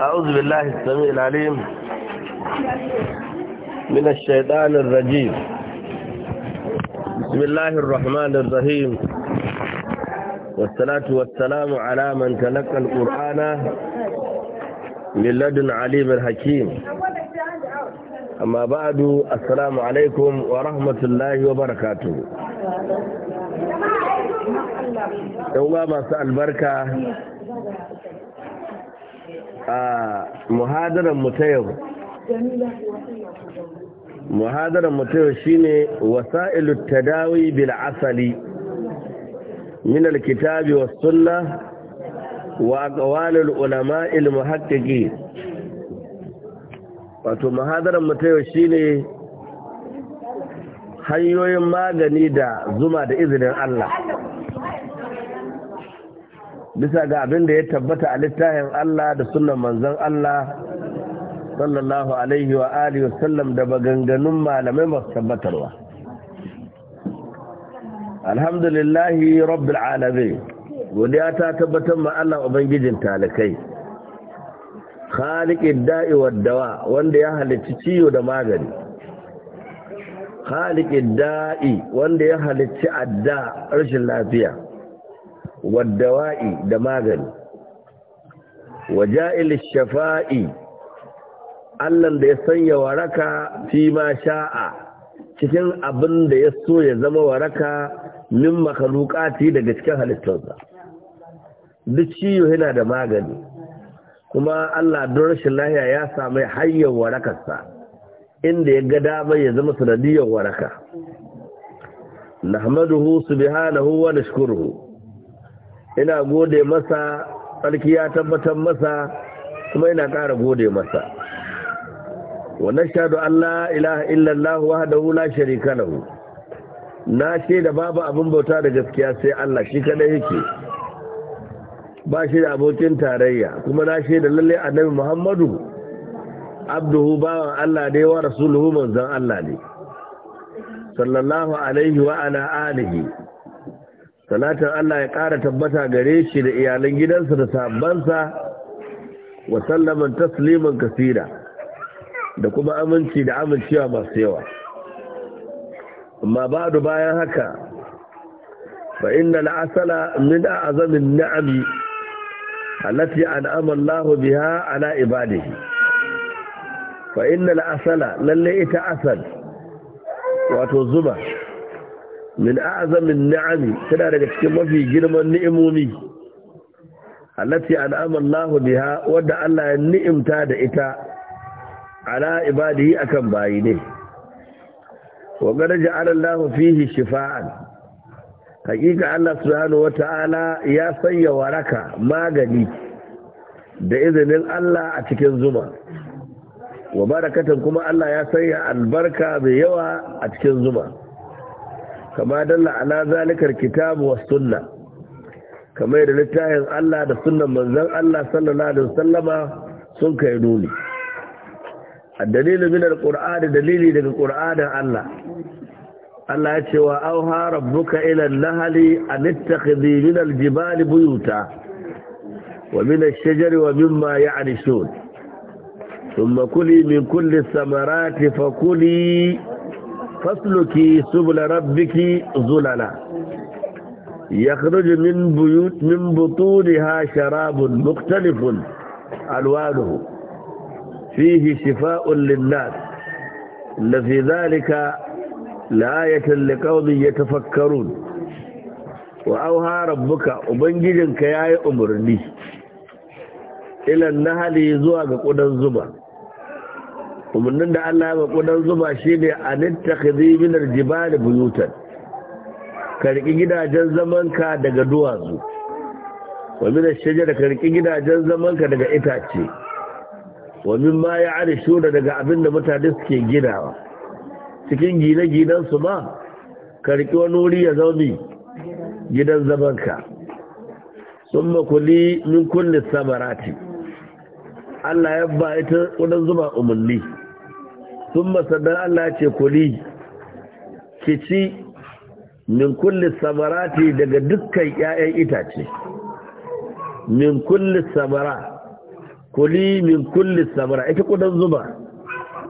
أعوذ بالله السميع العليم من الشيطان الرجيم بسم الله الرحمن الرحيم والصلاة والسلام على من تلقى القرآن من لدن عليم الحكيم أما بعد السلام عليكم ورحمة الله وبركاته يوم ما سأل بركة a muhadarar mutayau muhadarar mutayau shine wasa'ilu tadawi bil asali min alkitabi was sunna wa aqwalul ulama ilmu muhaqqiqi wato muhadarar mutayau shine hanyoyin magani da zuma da izinin Allah bisa ga abin da ya tabbata a littafin Allah da sunan manzon Allah sallallahu alaihi wa alihi wa da baganganun malamai masu tabbatarwa alhamdulillahi rabbil alamin godiya ta tabbatar ma Allah ubangijin talakai khaliqid da'i wad dawa wanda ya halicci ciyo da magani khaliqid da'i wanda ya halicci adda rashin lafiya waddawa'i da magani waja'il shafa'i da ya sanya waraka fi ma sha'a cikin abin da ya so ya zama waraka min makalukati daga cikin halittarsa duk ciwo yana da magani kuma Allah don rashin lahiya ya sami hanyar warakarsa inda ya ga damar ya zama sanadiyar waraka nahmaduhu subhanahu wa nashkuruhu ina gode masa sarki ya tabbatar masa kuma ina ƙara gode masa wa nashhadu Allah la ilaha illallah wahdahu la sharika lahu na ce da babu abin bauta da gaskiya sai Allah shi kaɗai yake ba shi da abokin tarayya kuma na ce da lalle annabi Muhammadu abduhu bawan Allah ne wa rasuluhu manzon Allah ne sallallahu alaihi wa ala alihi salatin Allah ya ƙara tabbata gare shi da iyalan gidansa da sabansa wa sallaman tasliman kasira da kuma aminci da amincewa masu yawa amma da bayan haka fa inna al'asala min a'zamin ni'ami allati an'ama Allahu biha ala ibadihi fa inna al'asala lalle ita asal wato zuba. min a'zamin ni'ami tana daga cikin mafi girman ni'imomi allati an'ama Allah biha wadda Allah ya ni'imta da ita ala ibadihi akan bayi ne wa garaja ala Allah fihi shifa'an hakika Allah subhanahu wata'ala ya sanya waraka magani da izinin Allah a cikin zuma wa barakatan kuma Allah ya sanya albarka mai yawa a cikin zuma kama dalla ala zalikar kitabu wa sunna kamar da littafin Allah da sunnan manzon Allah sallallahu alaihi wasallama sun kai nuni addalilu min alqur'ani dalili daga qur'anin Allah Allah ya ce wa auha rabbuka ila an-nahli an ittakhidhi min al-jibali buyuta wa min ash-shajari wa mimma ya'rishun thumma kuli min kulli ath-thamarati fakuli fasluki subula rabbiki zulala yakhruju min buyut min butuniha sharabun mukhtalifun alwanuhu fihi shifaa'un lin-nas fi dhalika la'ayatan liqaumin yatafakkarun wa auha rabbuka ubangijinka yayi umurni ilan nahali zuwa ga kudan zuba umarnin da Allah ya baku kudan zuba shi ne a nittakhidhi min al buyutan karki gidajen zamanka daga duwatsu wa min ash-shajara karki gidajen zamanka daga itace wa min ma ya'rishu daga abin da mutane suke ginawa cikin gine-ginen su ma karki wani wuri ya zauni gidan zamanka Sun kuli min kulli samarati Allah ya ba ita kudan zuma umarni sun sannan Allah ce kuli ki ci min kulli samarati daga dukkan 'ya'yan itace min kulli samara kuli min kulli samara ita kudan zuba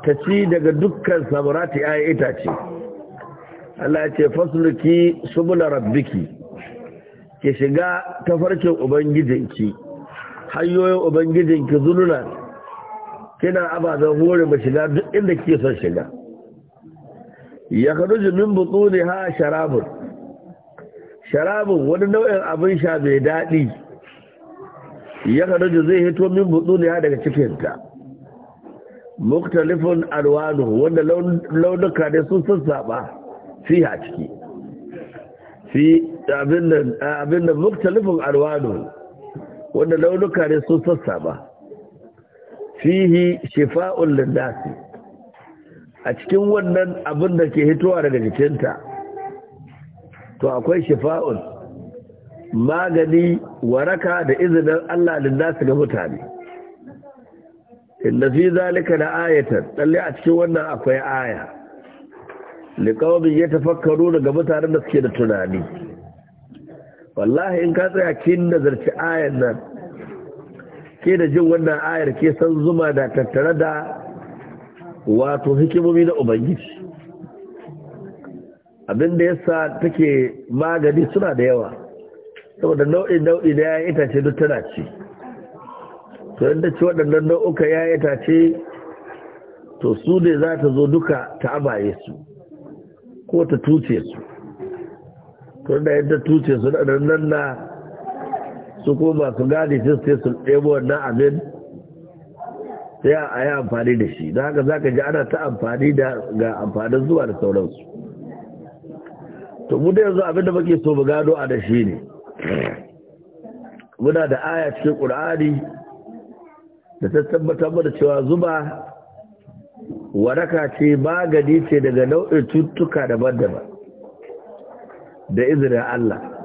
ta ci daga dukkan samarati 'ya'yan itace Allah ce fasluki subula rabbiki ki shiga tafarkin ubangijinki hanyoyin ubangijinki zulula kina ababen hore ba shiga duk inda ke son shiga ya karuji min butsuni ha sharabun sharabun wani nau'in abin sha mai daɗi ya karuji zai hito min butsuni ha daga cikinta muktalifin alwanu wanda launuka ne sun sassaɓa fi ha ciki fi abin da muktalifin alwanu wanda launuka ne sun sassaɓa fihi shifa'un linnasi a cikin wannan abin da ke hitowa daga jikinta to akwai shifa'un magani waraka da izinin Allah linnasi ga mutane inna fi zalika da ayatan tsalle a cikin wannan akwai aya liqaumin yatafakkaru daga mutanen da suke da tunani wallahi in ka tsaya kin nazarci ayan nan ke da jin wannan ayar ke san zuma da tattare da wato hikimomi na ubangiji abinda yasa take magani suna da yawa saboda nau'in nau'i da yayin itace duk tana ce to inda ci waɗannan nau'uka yayin itace to su ne za ta zo duka ta abaye su ko ta tuce su to da yadda tuce su da nan na su ko masu gadi su sai su ɗebo wannan abin sai a yi amfani da shi da haka za ka ji ana ta amfani da ga amfanin zuwa da sauransu to mu da yanzu abin da muke so mu gado a da shi ne muna da aya cikin ƙur'ani da ta tabbatar mana cewa zuba waraka ce magani ce daga nau'in cututtuka daban-daban da izinin Allah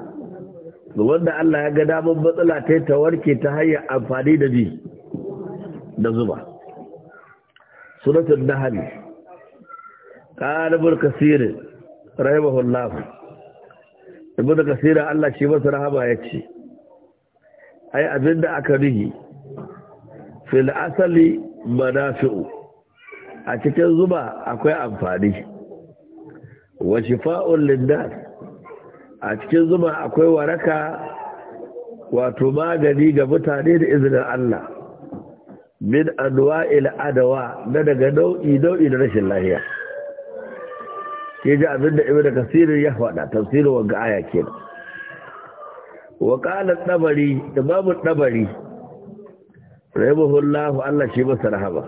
wanda Allah ya ga damar matsala ta ta warke ta hanyar amfani da ji da zuba suratul nahl qalibul kasir rahimahullah da kasiri Allah shi masa rahama ce, ai abinda aka rihi fil asali manafi'u a cikin zuba akwai amfani wa shifa'un lin a cikin zuma akwai waraka wato magani ga mutane da izinin Allah min anwa'il adawa na daga nau'i nau'i na rashin lahiya ke ji abin da da kasirin ya faɗa tafsirin wanga aya kenan wa qala ɗabari imamu tabari rahimahullahu Allah shi masa rahama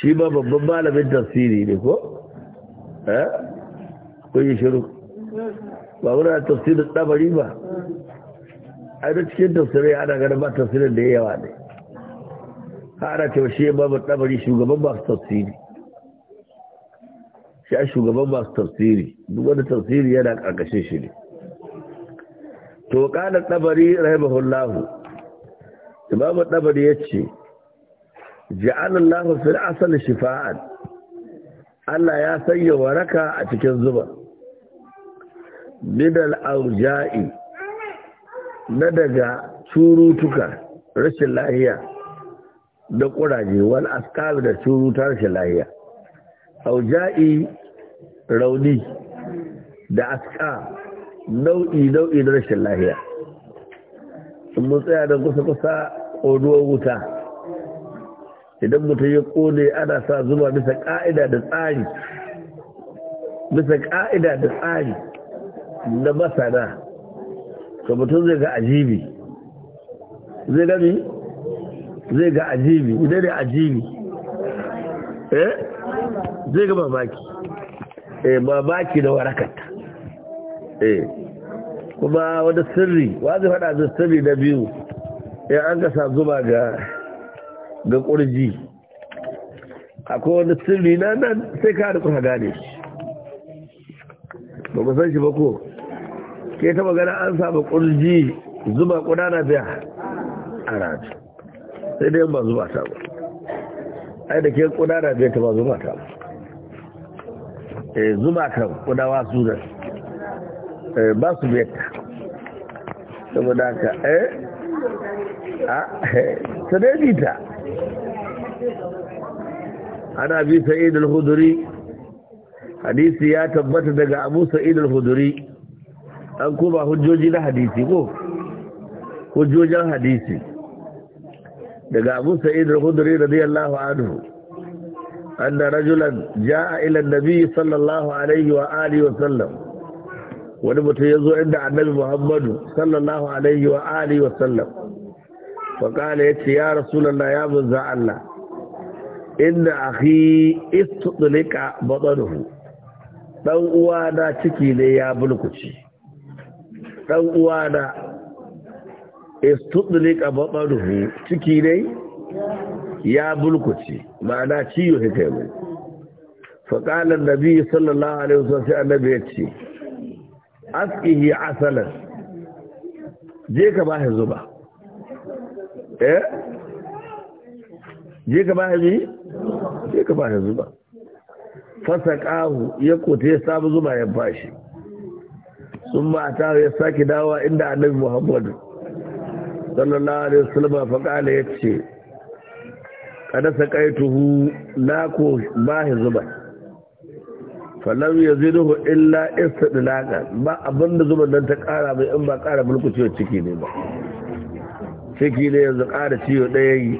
shi ba babban malamin tafsiri ne ko eh kun yi shiru ba muna da tafsirin tsabari ba a yi cikin tafsirin ana ganin ba tafsirin da ya yawa ne ha ana cewa shi ba mu tsabari shugaban masu tafsiri shi a shugaban masu tafsiri duk wani tafsiri yana ƙarƙashin shi ne to ƙalar tsabari rahimahullahu imamu ɗabari ya ce ja'alallahu fil asali shifa'an Allah ya sanya waraka a cikin zuba bidal auja'i na daga curutuka rashin lahiya da kuraje wal askal da curuta rashin lahiya auja'i rauni da aska nau'i nau'i na rashin lahiya mun tsaya da kusa kusa ƙoduwar wuta idan mutum ya ƙone ana sa zuba bisa ƙa'ida da tsari bisa ƙa'ida da tsari na masana ka mutum zai ga ajibi zai gani? zai ga ajibi idan ne ajibi eh zai ga mamaki eh mamaki da warakata eh kuma wani sirri wani fada zai sirri na biyu ya eh, an gasa zuba ga ga ƙurji akwai wani sirri na nan sai ka haɗu kuka gane shi ba ku san shi ba ko ke ta magana an samu ƙurji zuba ƙudana biya a rati sai dai ba zuba ta ba ai da ke ƙudana biya ta ba zuba ta ba eh zuba ta ƙudawa su da eh, ba su biya ta saboda ka e eh, a eh, ta dai ta ana bi sa'idul huduri hadisi ya tabbata daga abu sa'idul huduri an koma hujjoji na hadisi ko hujjojin hadisi daga abu sa'id al-khudri radiyallahu anhu anna rajulan jaa ila an-nabi sallallahu alaihi wa alihi wa sallam wani mutum yazo inda annabi muhammadu sallallahu alaihi wa alihi wa sallam fa qala yace ya rasulullah ya buzza Allah inna akhi istudlika badaruhu dan uwa da ciki ne ya bulkuci ɗan uwana istudlika batsaruhu ciki dai ya bulkuci ma'ana ciyo ya kai mai faƙalar nabi sallallahu alaihi wasallam sai annabi ya ce askihi asalan je ka bashi zuba eh je ka ba mi je ka bashi zuba fasaqahu ya kote ya samu zuba ya bashi sun ba ta ya sake dawa inda annabi muhammadu sallallahu alaihi wasallam fa kala yace kada sakaituhu la ko bahi zuba falam yaziduhu illa istidlaqa ba abinda zuban dan ta kara mai in ba kara bulkucewa ciki ne ba ciki ne yanzu kara ciwo daya yi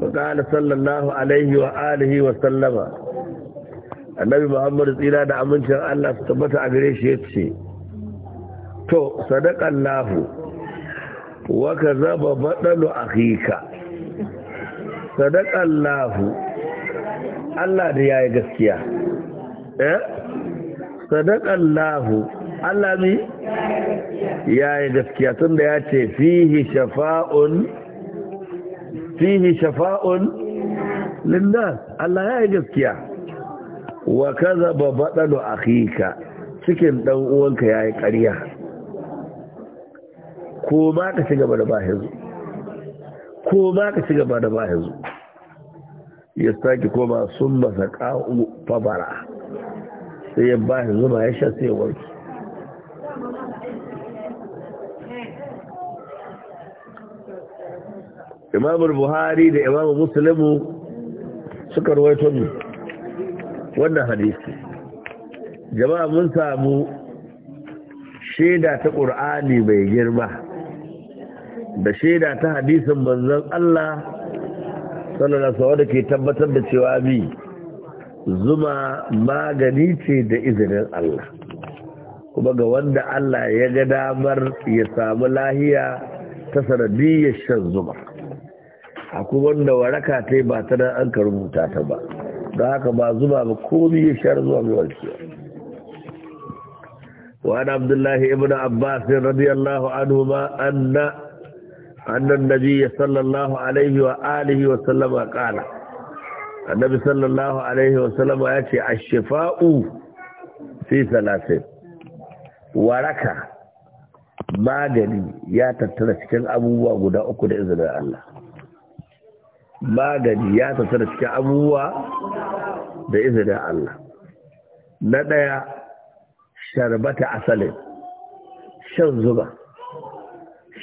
fa kala sallallahu alaihi wa alihi wa sallama annabi muhammadu tsira da amincin allah su tabbata a gare shi ya ce to sadakan lafu waka zaba baɗalo a hika sadakan lafu allah da ya yi gaskiya eh sadakan lafu allah mi ya yi gaskiya tun da ya ce fihi shafa'un fihi shafa'un lindas allah ya yi gaskiya wa kaza ba baɗalo a hika cikin ɗan uwanka ya yi ƙarya ko ma ka ci gaba da bahizu ko ma ka ci gaba da bahizu ya sake koma sun masa ƙa'u fabara sai ya bahizu ma ya sha sai warki imamul buhari da imamul musulmi suka ruwaito ne wannan hadisi jama'a mun samu shaida ta ƙur'ani mai girma da shaida ta hadisin manzon Allah sallallahu alaihi wasallam ke tabbatar da cewa bi zuma magani ce da izinin Allah kuma ga wanda Allah ya ga damar ya samu lahiya ta sanadiyar shan zuma a kuma wanda waraka ta yi ba ta nan an ka rubuta ta ba da haka ba zuba ba komi ya shar zuwa mai warkewa wani abdullahi ibn abbas ne radiyallahu anhu ba anna annan nabi sallallahu alaihi wa alihi wa sallama kala annabi sallallahu alaihi wa sallama ya ce a shifa'u fi salasin waraka magani ya tattara cikin abubuwa guda uku da izinin Allah magani ya tafi da cikin abubuwa da izinin Allah na ɗaya sharbata asalin shan zuba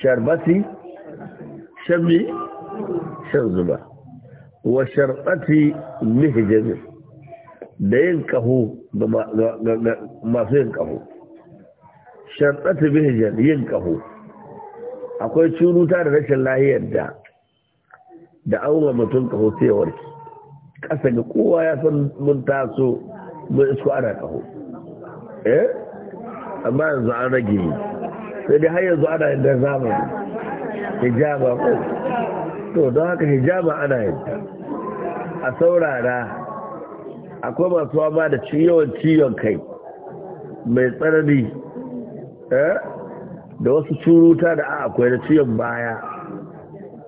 sharbati shan mi shan zuba wa sharbati mihijin da yin kahu ga masu yin kahu. sharbati mihijin yin kahu akwai cunuta da rashin lahiyar da da an wa mutum kaho sai ya warke ƙasa ga kowa ya san mun taso mun isko ana kaho eh amma yanzu an rage sai dai har yanzu ana yin da zamani hijaba ko to don haka hijaba ana yin a saurara akwai masu wama da ciwon ciwon kai mai tsanani eh? da wasu curuta da akwai da ciwon baya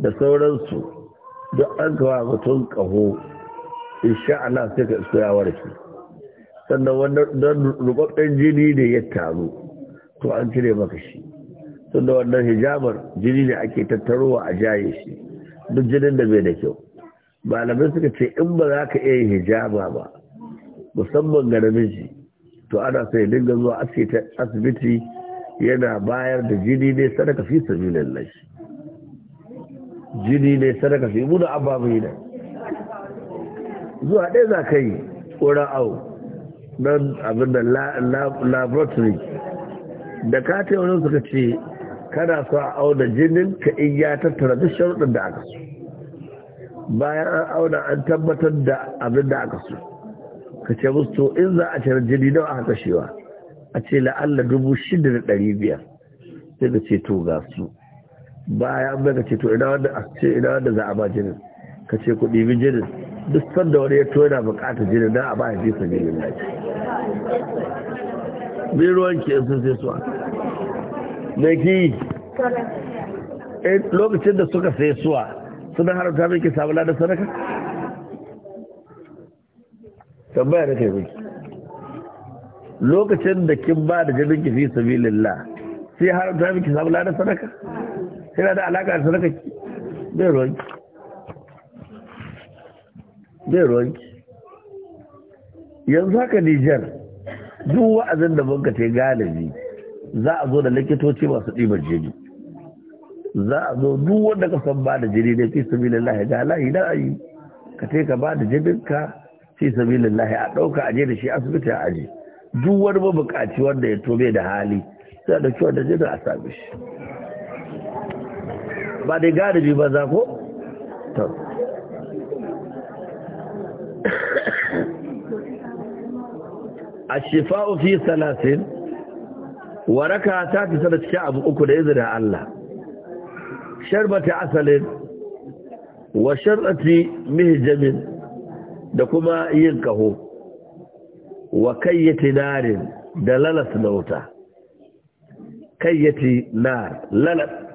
da sauransu duk an kawo mutum ƙaho insha Allah sai ka isko ya warke sannan wannan rubabben jini ne ya taru to an cire maka shi Sannan wannan hijabar jini ne ake tattarowa a jaye shi duk jinin da bai da kyau malamai suka ce in ba za ka iya yin hijaba ba musamman ga namiji to ana sai dinga zuwa asibiti yana bayar da jini ne sadaka fi sabilillahi jini ne sadaka su yi muna abba yi ne zuwa ɗaya za ka yi ƙoran au nan abin da laboratory da ka ta wani suka ce kana so a auna jinin ka in ya tattara duk sharuɗin da aka so bayan an auna an tabbatar da abin da aka so ka ce musu to in za a cire jini nawa aka kashewa a ce la'alla dubu shida da ɗari biyar sai ka ce to ga su ya an ka ce to ina wanda a ce idan wanda za a ba jinin ka ce ku ɗibi jinin duk sanda wani ya to yana bukata jinin na a ba ya fi na ce bin ruwan ke sun sai suwa na ki eh, lokacin da suka sai suwa suna haramta mai ki samu ladar sadaka tambaya da kai miki lokacin da kin ba da jinin ki fi sabilin sai haramta mai ki samu ladar sadaka yana da alaƙa da sadaka bai ki bai ki yanzu haka nijar duk wa'azin da banka ta galibi za a zo da likitoci masu ɗibar jini za a zo duk wanda ka san ba da jini ne fi sami lallahi ga halayi na ayi ka yi ka ba da jininka fi sami lallahi a ɗauka aje da shi asibiti a aji duk wani mabukaci wanda ya tobe da hali sai a kyau da jini a sami shi ba dai galibi ba za ko? a shifa'u ofi salasin waraka ta fi da cikin abu uku da da Allah sharbata asalin wa shar'ati mihjamin da kuma yin kaho wa kayyati narin da lalas na wuta kayyati nar lalata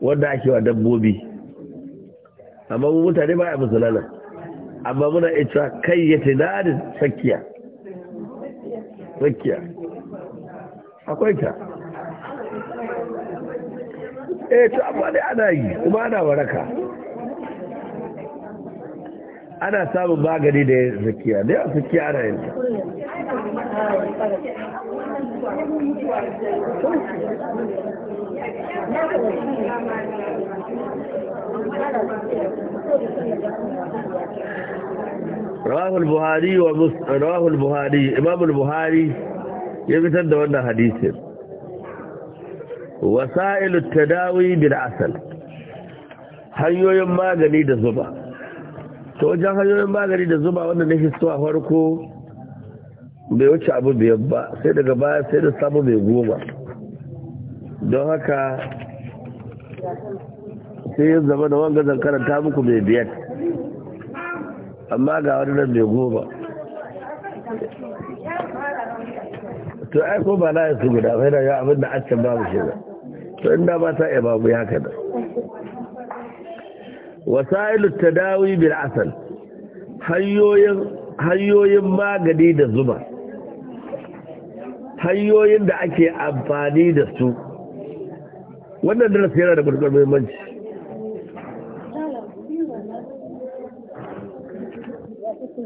wanda ake wa dabbobi amma mu mutane ba a musu amma muna ita cewa kai ya tunanin tsakiya tsakiya akwai ta eh to amma dai ana yi kuma ana waraka ana samun magani da yin tsakiya da yawan tsakiya ana yin ta رواه البخاري ورواه البخاري امام البخاري يبتر da wannan hadisin وسائل التداوي بالعسل hanyoyin magani da zuba to wajen hanyoyin magani da zuba wanda na a farko bai wuce abu bai ba sai daga baya sai da samu mai goma don haka sai yin zama da wanga zan karanta muku mai biyar amma ga wani nan mai goma to ai ko ba na ya su guda bai da ya abin da ascan babu shi ba to inda ba ta iya babu ya kada wasailu dawi bil asal hanyoyin magani da zuma hanyoyin da ake amfani da su wannan darasi yana da matuƙar muhimmanci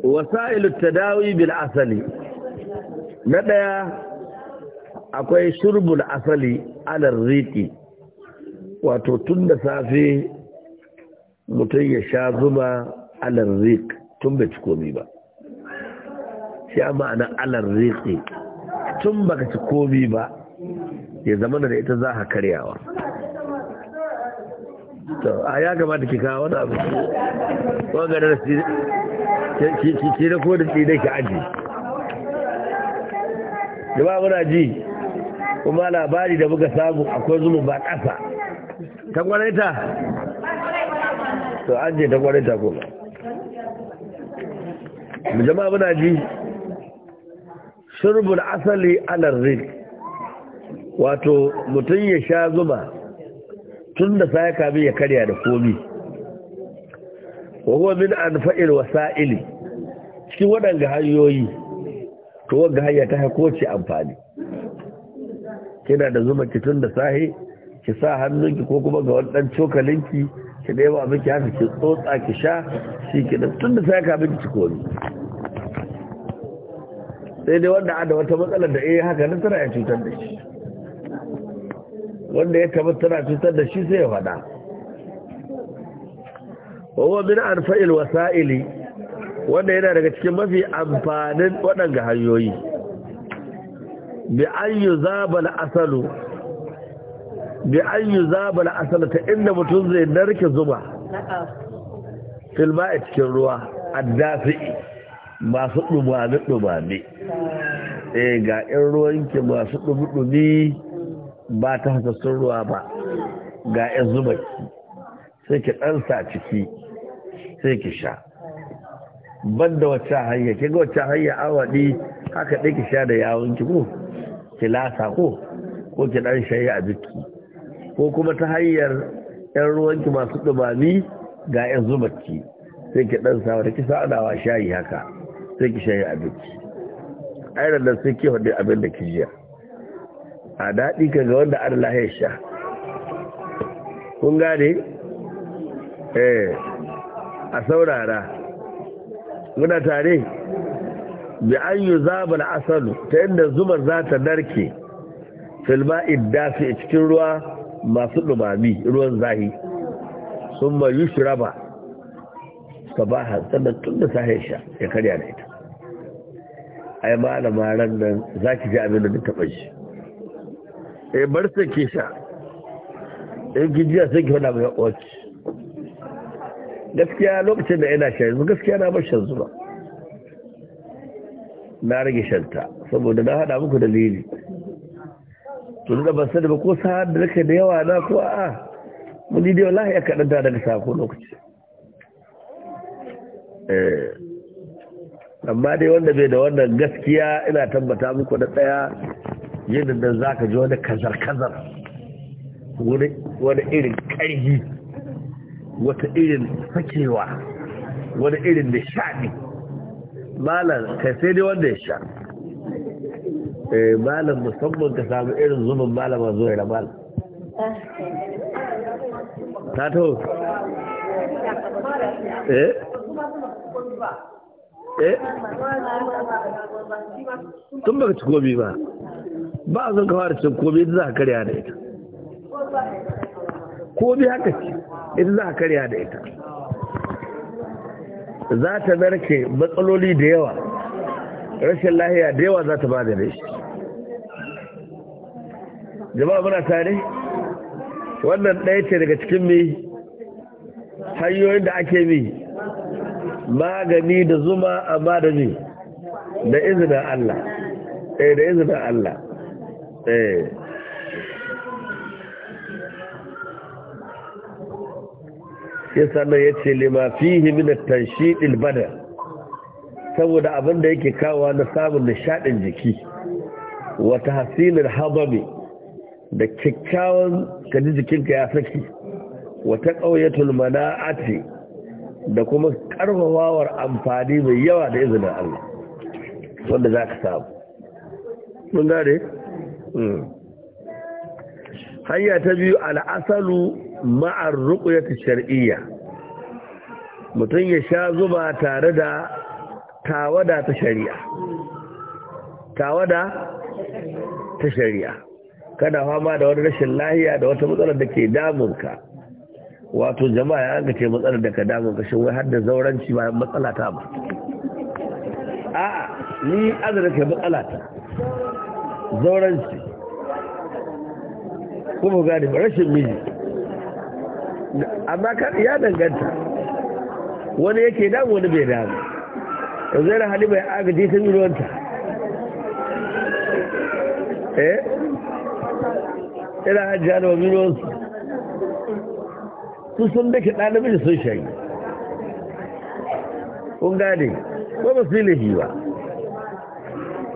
wasa'ilu tadawi bil asali na ɗaya akwai shurbul asali alar riki wato tun da safe mutum ya sha zuma alar riki tun bai ci komi ba sha ma'ana alar riki tun baka ci komi ba ya zama da ita za a karyawa a ya gabata ki kawo wani abu ko ga da ki ki da kodin din da ki aji ba muna ji kuma labari da muka samu akwai zumu ba ƙasa ta kwanaita to an je ta kwanaita kuma jama'a muna ji shurbul asali alar rik wato mutum ya sha zuma tun da sai kami ya karya da komi wa huwa min anfa'il wasa'ili cikin waɗanda hanyoyi to wanda hanya ta hako ce amfani kina da zuma ki tun da sahi ki sa hannunki ko kuma ga wannan cokalinki ki ɗaya ba miki haka ki tsotsa ki sha shi ki da tun da sai kami ki komi sai dai wanda ada wata matsalar da eh haka nan tana ya cutar da shi wanda ya kama tana cutar da shi sai ya faɗa wawo min arfa'il wasa'ili wanda yana daga cikin mafi amfanin waɗanga hanyoyi bi an yi zabal asalu bi an yi zabal asalu ta inda mutum zai narke zuba filma a cikin ruwa addafi masu ɗumami-ɗumami eh, ga 'yan ruwanki masu ɗumi-ɗumi ba ta hasassun ruwa ba ga ‘yan zuba sai ki ɗansa ciki sai ki sha Ban da wacce hanya ki ga wacce hanya awaɗi haka ɗai ki sha da yawon ki ko ki lasa ko ko ki ɗan shayi a jiki ko kuma ta hanyar 'yan ruwanki masu ɗumami ga 'yan zubarki sai ki ɗan sa wata kisa adawa shayi haka sai ki shayi jiki ayyar da sai ki hudu abin da ki jiya a daɗi ka ga wanda an ya sha kun gane eh, a saurara muna tare bi an yi zaɓar asalu ta yadda Zuma za ta narke filma iddafi cikin ruwa masu ɗumami ruwan zahi sun ma yi shiraba sabahan sannan tun da sahen sha ya karya da ita ai malama ran nan za ki ji abin da ta taɓa shi e bar sai ke sha in gijiya sai ki faɗa mai wacce gaskiya lokacin da yana sha yanzu gaskiya na bar shan zuba na rage shanta saboda na haɗa muku dalili tun da ban sani ba ko sa'ad da nake da yawa na ko a'a mun dai wallahi ya kaɗanta daga sako lokaci eh, amma dai wanda bai da wannan gaskiya ina tabbata muku da tsaya yadda da za ka ji wani kazar-kazar wani irin ƙarfi wata irin sakewa wani irin da shaɗi malar kai sai dai wanda ya sha eh, malar musamman ka samu irin zubin malama zuwa da malar ta to eh eh tun baka ci gobi ba ba a son cin za a karya da ita komai haka ce ita za a karya da ita za ta narke matsaloli da yawa rashin lahiya da yawa za ta ba da rashi jama'a muna tare wannan ɗaya ce daga cikin mai hanyoyin da ake mai magani da zuma amma da da izinin Allah ɗaya eh, da izinin Allah eh ya sannan ya ce lima fihi min tanshidil bada saboda abin da yake kawo na samun nishaɗin jiki wata tahsilil Habami, da kyakkyawan kaji jikinka ya saki wata taqawiyatul mana'ati da kuma ƙarfafawar amfani mai yawa da izinin Allah wanda za ka samu mun Mm. hanya ta biyu al'asalu ma'ar ta shar'iyya mutum ya sha zuba tare da tawada ta shari'a tawada ta shari'a kada fama da wani rashin lahiya da wata matsalar da ke damunka wato jama'a ya ga ce matsalar da ka damunka shi wai har zauranci ba matsala ta ba a'a ni azurka matsala ta zauransu kuma gani ba rashin miji amma ya danganta wani yake damu wani bai damu yanzu yana hali bai agaji ta miliyonta eh yana hajji hana wa miliyonsu su sun dake ɗan namiji sun shayi kun ko ba su yi ba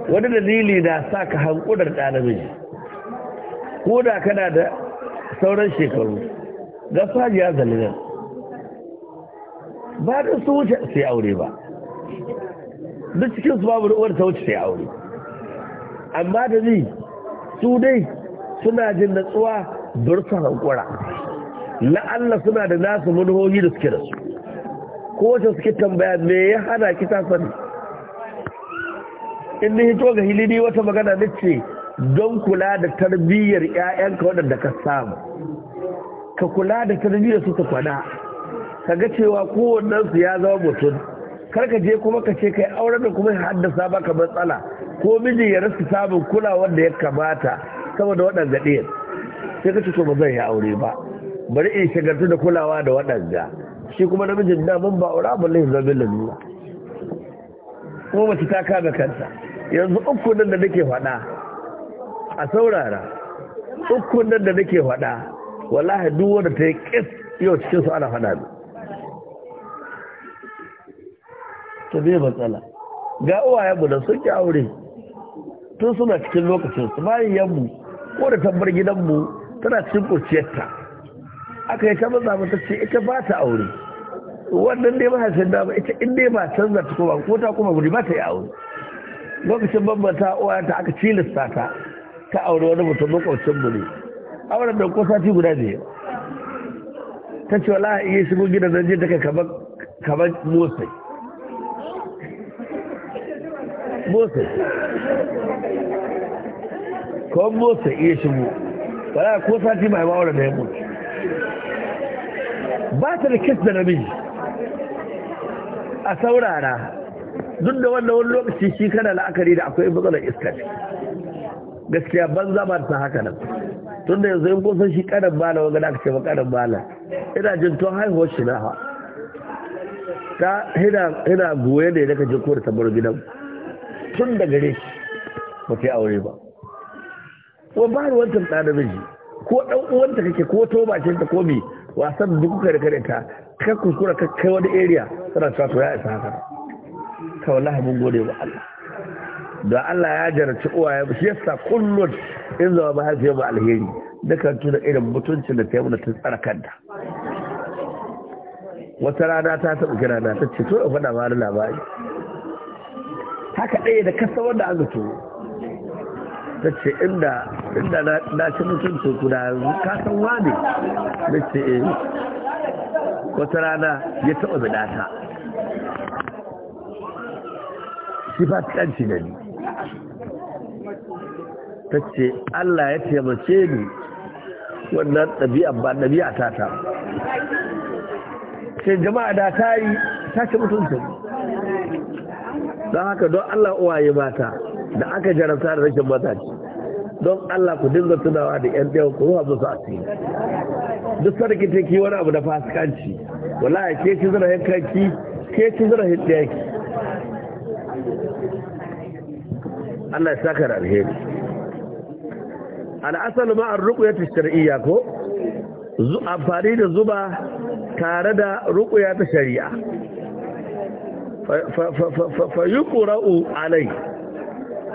wani dalili na sa ka hankular ɗalibai ko da kana da sauran shekaru gasa ya zalilan ba da su wuce sai aure ba duk cikin su babu uwar ta wuce sai aure amma da ni su dai suna jin natsuwa bar su hankura la'alla suna da nasu manuhohi da suke da su kowace suke tambaya me ya hana kita sani in ni hito ga hilini wata magana na ce don kula da tarbiyyar 'ya'yanka waɗanda ka samu ka kula da tarbiyyar su ta kwana ka ga cewa kowannen su ya zama mutum kar ka je kuma ka ce kai auren da kuma haddasa ka matsala ko miji ya rasa samun kulawar da ya kamata saboda waɗanda ɗaya sai ka ce to ba zan yi aure ba bari in shagartu da kulawa da waɗanda shi kuma namijin da mun ba aura ba laifin zamin lalura ko mace ta kaga kanta yanzu uku nan da nake faɗa a saurara uku nan da nake faɗa wallahi duk wanda ta yi kis yau cikin su ana faɗa ne ta bai matsala ga uwayenmu da sun ki aure tun suna cikin lokacin su bayan yammu ko da tabbar gidanmu tana cikin kurciyarta aka yi ta maza mata ce ita ba ta aure wannan dai ba san da ba ita in dai ba canza ta ba ko ta kuma guri ba ta yi aure lokacin bambanta uwa ta aka cilasta ta ta aure wani mutum makwabcin mu ne auren da ko sati guda ne ta ce wala iya shigo gidan nan jin take kamar kamar motsai motsa kawai motsai iya shigo wala ko sati ba ya ba auren da ya mutu ba ta da kis da namiji a saurara duk da wanda wani lokaci shi kana la'akari da akwai matsalar iska ce gaskiya ban zama ta haka nan tun da yanzu in kun san shi karan bala wanga da ce ba karin bala ina jin tun haihuwar shi na ha ta hina goye ne daga jin kowar tabar gidan tun da gare shi ba ta aure ba wa ba ruwan wancan da namiji ko dan uwanta kake ko toba ce ta komi wasan da kuka da kare ta ka kuskura ka kai wani area tana cewa to ya isa haka ta wallahi mun gode wa Allah da Allah ya jarci uwaye shi yasa kullun in zama mahaifiyar mu alheri dukan tuna irin mutuncin da ta yi mana tun tsara kanta wata rana ta taɓa kira na ta ce to in faɗa wani labari haka ɗaya da kasa wanda an zato ta ce inda inda na ci mutuncin ku da kasan wani da ce eh, wata rana ya taɓa bidata shi ba ƙanci da ni ta ce Allah ya taimace ni wannan ɗabi'a ba ɗabi'a ta ta ce jama'a da ta yi ta ce mutuncin don haka don Allah uwaye mata da aka jarabta da rashin mata ce don Allah ku dinga tunawa da ƴan ɗaya ku ruwa zuwa asiri duk sarki ta ki wani abu da fasikanci a ke ci zarafin kanki ke ci zarafin ɗaya ki Allah ya saka da alheri al'asal ma an ruku ya tashari'iyya ko amfani da zuba tare da ruku ya ta shari'a fa yi ƙura'u alai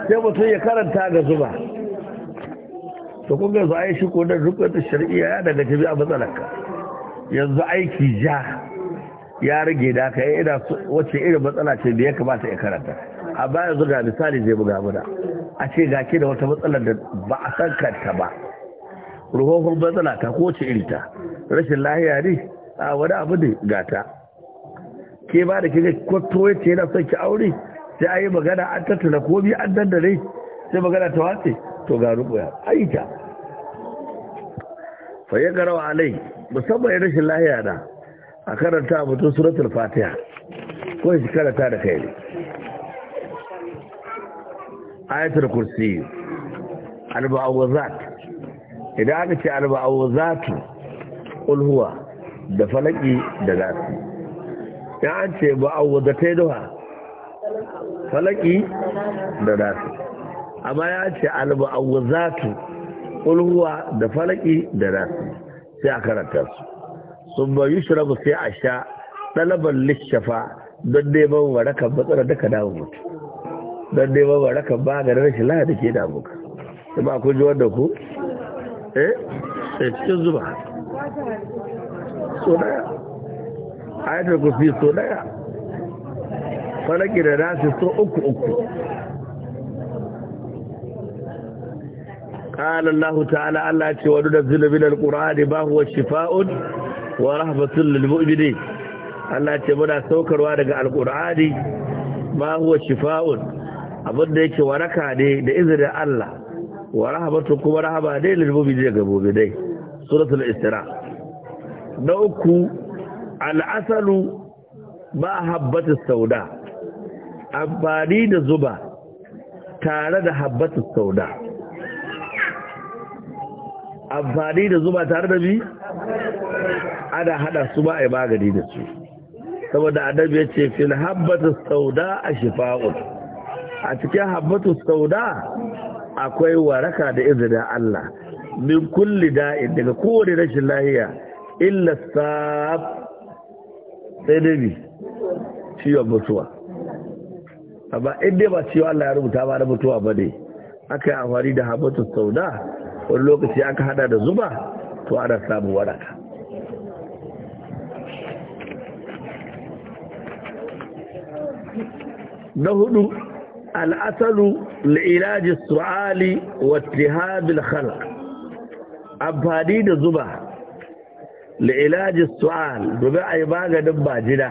sai mutum ya karanta ga zuba to kun ga ai shi ko da rukunta shar'iyya ya daga tabi a matsalarka yanzu aiki ja ya rage da ka yi eh, ina wacce irin matsala ce da ya kamata ya karanta a baya zuga misali zai buga muna a ce ga ke da wata matsalar da ba a san kanta ba ruhohon matsala ta ko ce irita ta rashin lahiya ne a wani abu ne ga ta. ke ba da kika kwato yace yana son ki aure sai a yi magana an tattala komi an dandare sai magana ta wace to ga rubuya aita fa ya garawa alai musamman rashin lahiya na a karanta mutum suratul fatiha ko shi karanta da kai ne ayatul kursi alba'awazat idan aka ce alba'awazatu ulhuwa da falaki da nasi ya an ce ba'awazatai duha falaki da nasi amma ya ce alba'awuzatu ulhuwa da falaki da nasi sai a karanta su sun bayu shirabu sai a sha ɗalabar lishafa don neman warakan matsalar da ka damu mutu don neman warakan ba ga rashin lahar da ke damu ka su ba kun ji wanda ku eh sai eh, cikin zuba so daya ayatul kursi so daya falaki da nasi so uku uku قال الله تعالى الله تعالى نزل من القرآن ما هو الشفاء ورحمة للمؤمنين الله تعالى من السوكر وانا قال القرآن ما هو الشفاء أبدا يكي وركا دي لإذن الله ورحمتكم ورحمة دي للمؤمنين بدي سورة الإسراء نوكو العسل ما هبت السوداء amfani نزبا تعالى tare da habbatus amfani da zuba tare da bi ana hada su ba a yi magani da su saboda annabi ya ce fil habbatu sauda a shifa'un a cikin habbatu sauda akwai waraka da izinin Allah min kulli da'in daga kowane rashin lahiya illa sab sai bi ciwon mutuwa amma in ba ciwon Allah ya rubuta ba na mutuwa ba ne aka yi amfani da habbatu sauda wani lokaci aka hada da zuba to ana samun waraka na hudu al'asalu la'ilaji su'ali wata habil khalq amfani da zuba la'ilaji su'al domin a yi maganin bajina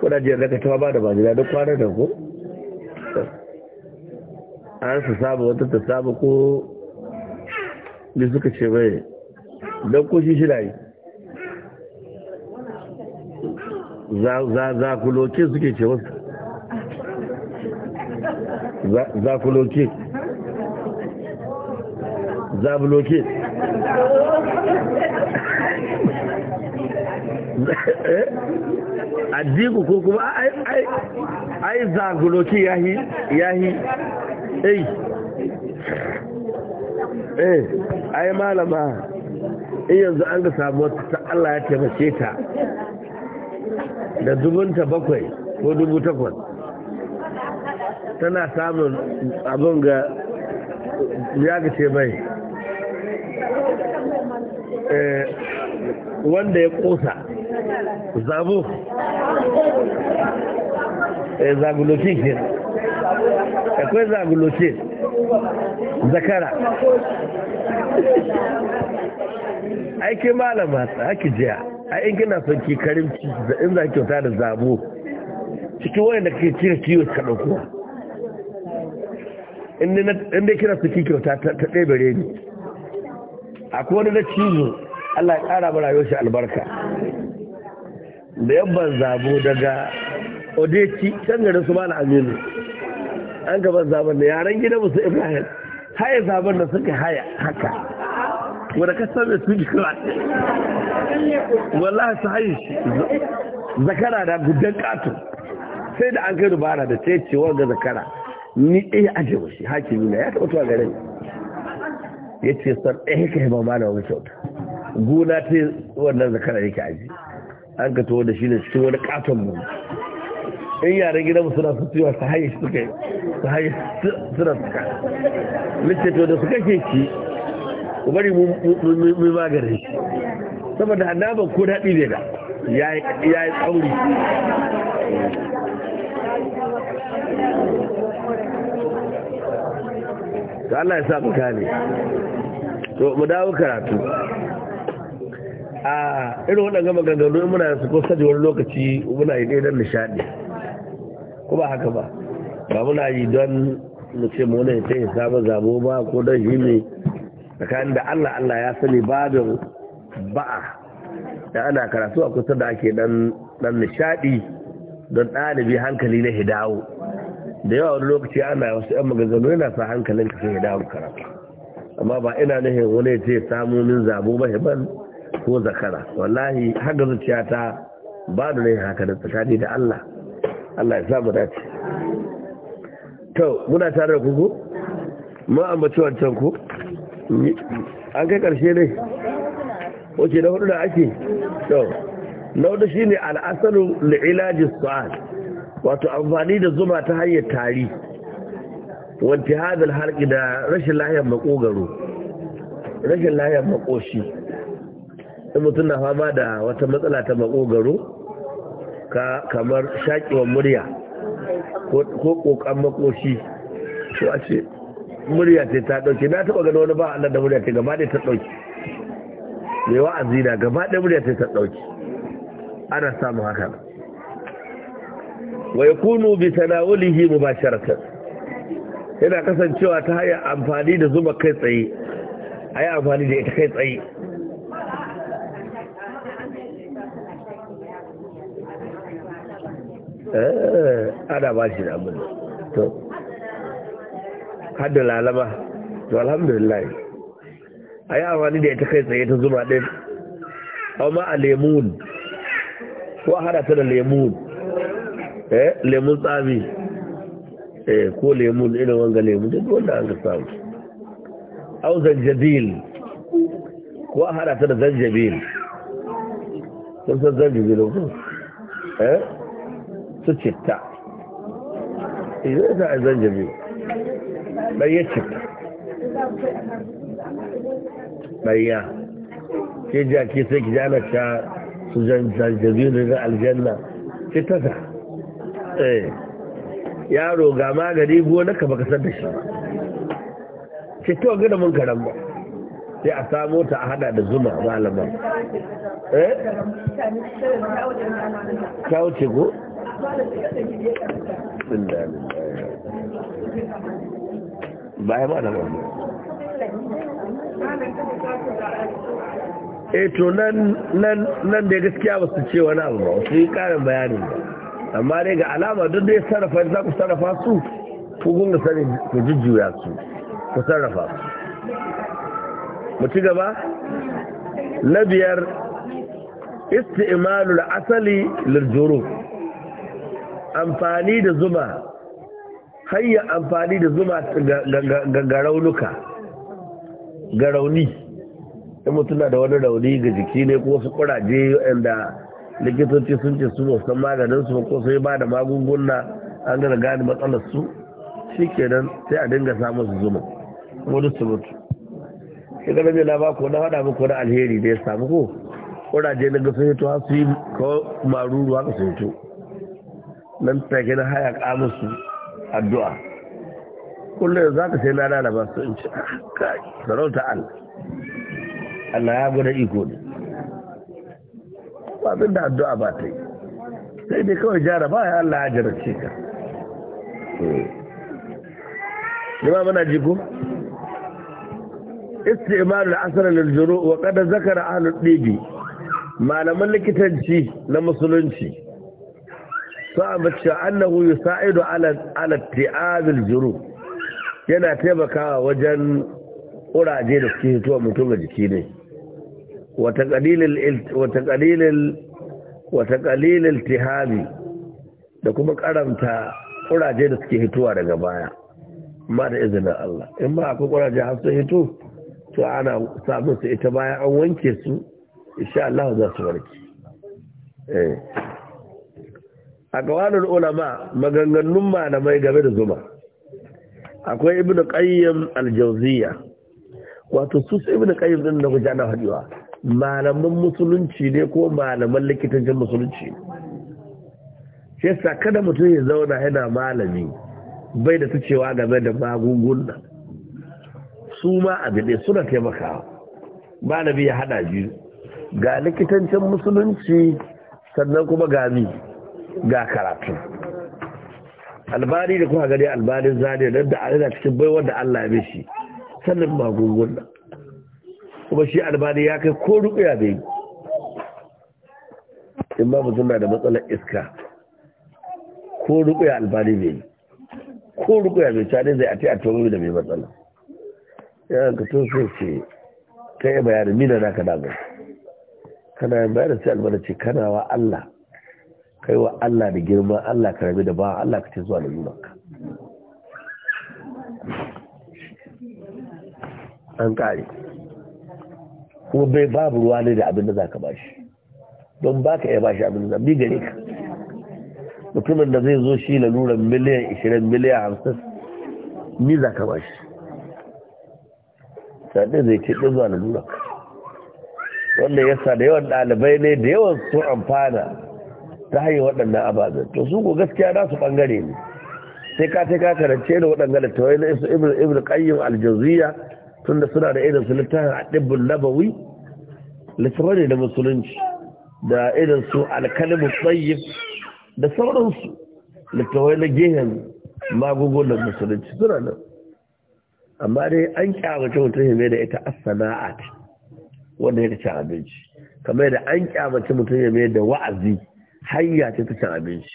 kuna jiyar daga ba da bajina duk kwanar da ku an su saba wata ta saba ko da suka ce bai don kushi shi layi yi zakuloke suke ce wasu zakuloke zabuloke jiku eh? ko kuma ai zakuloke ya yi ei eh ai malama in yanzu an ga samu ta Allah ya taimake ta da dubunta bakwai ko dubu takwas tana samun abin ga ya gace mai eh, wanda ya kosa zabo eh, zagulofi kenan akwai zagulocin zakara aiki malama haki jiya a in gina son ki karimci da in za kyauta da zabo cikin wani da ke cire kiwo ka In inda kira su ki kyauta ta ɗebere ne akwai wani na cizo allah ya ƙara mara yau shi albarka da yabban zabo daga odeci can garin su na aminu an gaban zaben da yaren gida musu ibrahim haya zaben da suka haya haka wadda ka sami su ji kuma wallahi su hayi zakara da gudan katon sai da an kai dubara da ce cewa ga zakara ni ɗaya ajiye shi Haki nuna ya taɓa tuwa garin ya ce san ɗaya ka yi mamma na wani kyauta gona ta wannan zakara yake aji an ka tuwo da shi ne cikin wani katon mu in yaren gidan suna su cewa su haye suka yi su haye suna suka nace to da suka ke ci ku bari mu magare shi saboda annaban ko daɗi ne da ya yi tsauri to Allah ya sa kane to mu dawo karatu a irin waɗanda maganganu muna su ko saji wani lokaci muna yi ɗaya don nishaɗi ko ba haka ba ba muna yi don mu ce mu ne ta samu zabo ba ko don shi ne tsakanin da Allah Allah ya sani babin ba'a da ana karatu a kusa da ake dan nishadi don ɗalibi hankali na hidawo da yawa wani lokaci ana wasu 'yan magazanu yana sa hankalin ka sai hidawo karatu amma ba ina nihin wani ce samu min zabo ba hiban ko zakara wallahi haka zuciya ta ba da yin haka da tsakani da Allah Allah ya samu dace to muna tare da kuku ma ambaci wancan ku an kai karshe ne wace na hudu da ake to na hudu shi ne al'asalu li'ilaji su'ad wato amfani da zuma ta hanyar tari wanti hadal harki da rashin lahiyar makogaro rashin lahiyar makoshi in mutum na fama da wata matsala ta makogaro ka kamar shaƙewar murya ko kokan makoshi to a ce murya ce ta ɗauke na taɓa gano wani ba a da murya ce gaba ɗaya ta ɗauke mai wa'azi na gaba ɗaya murya ce ta ɗauke ana samun haka wa kunu bi ba mubasharatan yana kasancewa ta haya amfani da zuma kai tsaye a yi amfani da ita kai tsaye Eh, ana ba shi da abin to hada lalama to alhamdulillah a yi amfani da ita kai tsaye ta zuma ɗin amma a lemun ko a hada ta da lemun eh lemun tsami eh ko lemun irin wanga lemun duk wanda an ga samu au zanjabil ko a hada ta da zanjabil kun san zanjabil ko eh su citta idan za a zanjabi ɗaya citta ya. ke jaki sai ki jana sha su zanjabi da aljanna citta ta eh. yaro ga magani gonaka baka san da shi Citta wa gina mun karan ba sai a samo ta a hada da zuma malaman eh? ta wuce ko? baya ba da wani eh, nan da gaskiya ba su ce wani abu ba su yi karin bayanin ba amma dai ga alama duk dai sarrafa za ku sarrafa su ku gunga sani ku jujjuya su ku sarrafa su mu ci gaba na biyar da asali lirjuru amfani da zuma hanyar amfani da zuma ga raunuka ga rauni in mutuna da wani rauni ga jiki ne ko su kuraje yadda likitoci sun ce su wasan maganin su ko sai ba da magunguna an gana gane matsalar su shi kenan sai a dinga samun su zuma wani su mutu shi ga na ba ko na hada muku wani alheri da ya samu ko kuraje na gasa hito hito su yi maruru haka su hito nan take na haya musu addu'a kullum za ka sai na lalaba basu in ci ah, sarauta Allah Allah ya gwada iko ne ba abin da addu'a ba ta yi sai dai kawai jara ba ya Allah ya jarabce ka lima eh. mana jiko istimalu al'asar liljuru wa kada zakara ahlul ɗibi malaman likitanci na musulunci sa'abta annahu yusa'idu ala ala ti'abil jurub yana taimakawa wajen ƙuraje da suke hitowa mutum a jiki ne wata ƙalilin tihabi da kuma ƙaramta ƙuraje da suke hitowa daga baya ma da izinin Allah in ba akwai ƙuraje har sun hito to ana samun su ita baya, an wanke su insha Allah za su warke eh. a ƙawanin ulama maganganun malamai game da zuma akwai ibn qayyim al wato su su ibn qayyim din da ku na hadiwa malaman musulunci ne ko malaman likitancin musulunci sai sa kada mutum ya zauna yana malami bai da tacewa cewa game da magungunan. su ma a gade suna taimakawa malami ya hada biyu ga likitancin musulunci sannan kuma ga mi ga karatu albani da kuma gari albanin zane nan da ana cikin baiwar da Allah ya shi sannan magunguna kuma shi albani ya kai ko rukuya bai in ba mu na da matsalar iska ko rukuya albani bai ko rukuya bai cani zai ati a tuwon da mai matsala yana ka tun so ce kai bayanin mina na ka kana yin bayanin sai albani ce kana wa Allah kai wa Allah da girma Allah ka rabi da ba Allah ka ce zuwa laluranka an kare kuma bai babu ruwa ne da abin da za ka bashi don ba ka iya shi abin da bi gare ka mutumin da zai zo shi laluran miliyan 20 miliyan 50 ni za ka bashi sadai zai ce ɗin zuwa laluranka wanda yasa da yawan ɗalibai ne da yawan su amfana ta hanyar waɗannan ababen to su ko gaskiya su ɓangare ne sai ka ta ka karance da waɗannan littawai na isu ibn qayyim al-jawziya tunda suna da irin su littafin adibbul nabawi littafin da musulunci da irin su al-kalimu tsayyib da sauransu littawai na gehen magungunan musulunci suna nan amma dai an kyamace mutum mai da ita as-sana'a wanda ya ci abinci kamar da an kyamace mutum mai da wa'azi hayya ce ta cin abinci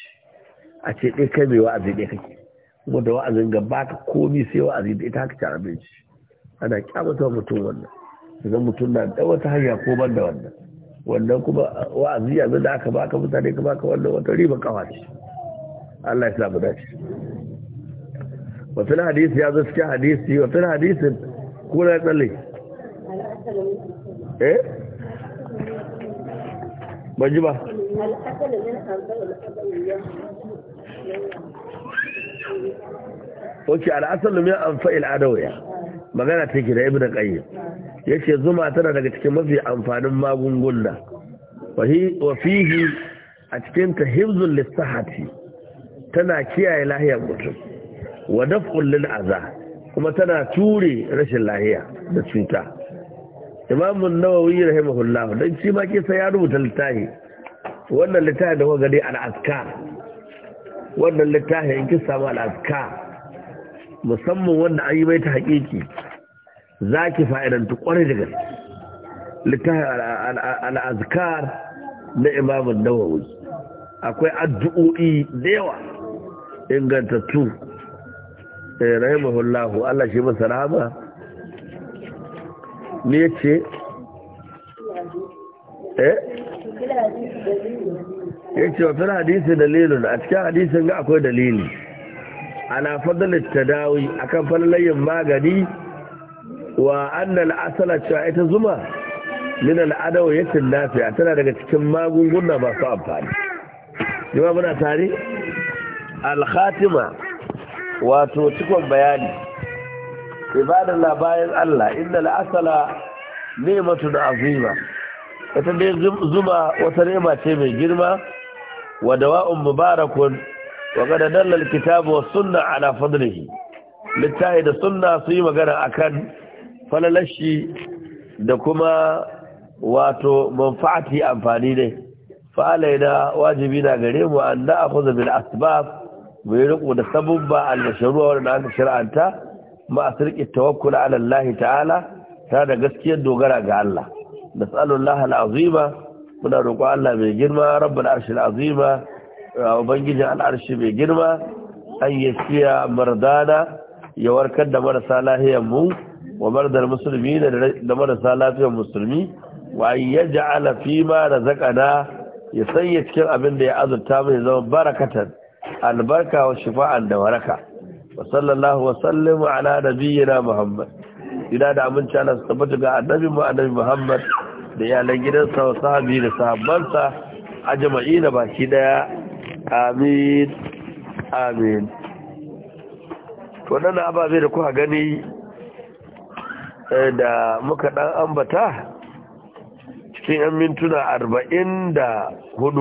a ce ɗai kai mai wa'azi ɗai kake kuma da wa'azin ga baka komi sai wa'azi da ita haka cin abinci ana kyamata mutum wannan idan mutum na da wata hanya ko ban da wannan wannan kuma wa'azi yanzu da aka baka mutane ka baka wannan wata riba kawa ce Allah ya sa mu dace wata hadisi ya zo cikin hadisi wata hadisin ko na tsalle eh ban ji ba الأكل من أنظر الأبوية Oke, al'asar min amfa'il adawiya, magana take da Ibn Qayyim. Yace zuma tana daga cikin mafi amfanin magunguna. Wa fihi a cikin ta hifzul lisahati tana kiyaye lahiyar mutum. Wa daf'ul lil aza kuma tana ture rashin lahiya da cuta. imamu Nawawi rahimahullah dan shi ma ke sai ya rubuta littafi wannan littafin da kuka al al'askar wannan littafin in kin samu al'askar musamman wanda an yi mai ta hakiki za ki fa'idantu kwarai da gaske littafin al'askar na imamun nawawi akwai addu'o'i da yawa ingantattu eh rahimahullahu Allah shi masa rahama ne ce eh ya ce wafin hadisi dalilun a cikin hadisin ga akwai dalili ana fadalit ta dawi kan falayen magani wa annan asala cewa ita zuma min al'adawa ya cin lafiya tana daga cikin magunguna masu amfani jima muna tare alhatima wato cikon bayani ibadan labayin allah inda la'asala ne matu da azima ita dai zuma wata rema ce mai girma wa dawa'un mubarakun wa gada dallal kitabu wa sunna ala fadlihi littahi da sunna su yi magana akan falalashi da kuma wato manfa'ati amfani ne fa'alaina wajibi na gare mu an kuzo bin asbab mai riko da ba al-mashru'a wanda aka shar'anta ma asirki tawakkul ala Allah ta'ala ta da gaskiyar dogara ga Allah nas'alullah al'azima muna roƙon Allah mai girma rabbul arshil azima ubangijin al'arshi mai girma an yasiya mardana ya warkar da marasa lahiyar mu wa mardar musulmi da marasa lafiyar musulmi wa yaj'ala fi ma razaqana ya sanya cikin abin da ya azurta mu ya zama barakatan albarka wa shifa'an da waraka wa sallallahu wa sallimu ala nabiyyina muhammad ina da aminci Allah su tabbata ga annabi mu annabi muhammad da iyalan gidan wa sahabi da sahabbansa jama'i da baki daya amin amin to ababe da kuka gani eh, da muka dan ambata cikin yan mintuna arba'in da hudu